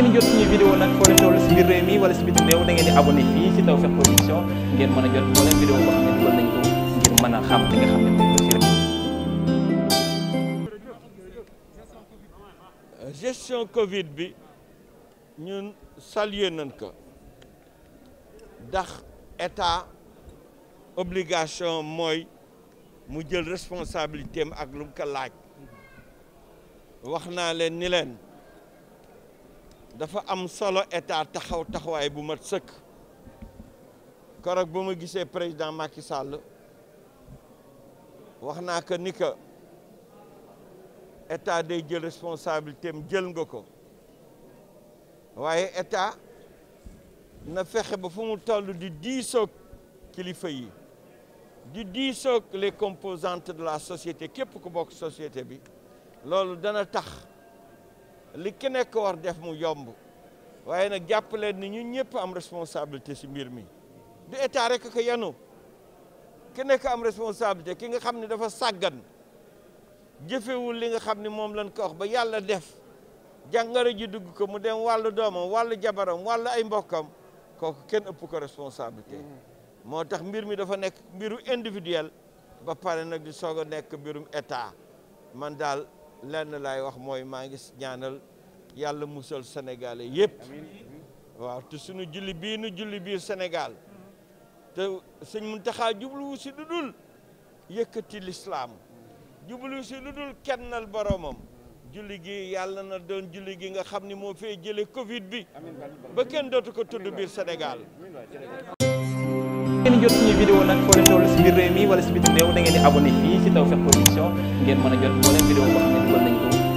ngeen jot suñu vidéo nag mën a jot moo leen vidéo boo a xam gestion Covid bi ñun saluer nañ ko ndax état obligation mooy mu jël responsabilité ak lu mu ko laaj wax naa leen ni leen. dafa am solo état taxaw taxawaay bu mat sëkk keroog ba ma gisee président Macky Sall wax naa que ni que état day jël responsabilité am jël nga ko waaye état na fexe ba fu mu toll di diisoog kilifa yi di diisoog les composante de la société képp ku bokk société bi loolu dana tax. li ki war def mu yomb waaye nag jàpp leen ni ñu ñëpp am responsabilité si mbir mi du état rek ko yenu ki am responsabilité ki nga xam ne dafa sàggan jëfewul li nga xam ni moom lañ ko wax ba yàlla def jàngara ji dugg ko mu dem wàllu doomam wàllu jabaram wàllu ay mbokkam kooku kenn ëpp ko responsabilité mm. moo tax mbir mi dafa nekk mbiru individuel ba pare nag di soog a nekk mbirum état man daal lenn laay wax mooy maa ngi ñaanal yàlla musal sénégalais yëpp waaw te sunu julli bii nu julli biir Sénégal te sëñ Muntaxa jubluwu si lu dul yëkkati lislaam jubluwu si lu dul nal boroomam julli gi yàlla na doon julli gi nga xam ni moo fee jële Covid bi ba kenn dootu ko tudd biir Sénégal ngeen jot suñu vidéo nag foo leen toll si biir réew mi wala si bitim réew da ngeen di abonné fii si Tawfekh Production ngeen mën a jot moo leen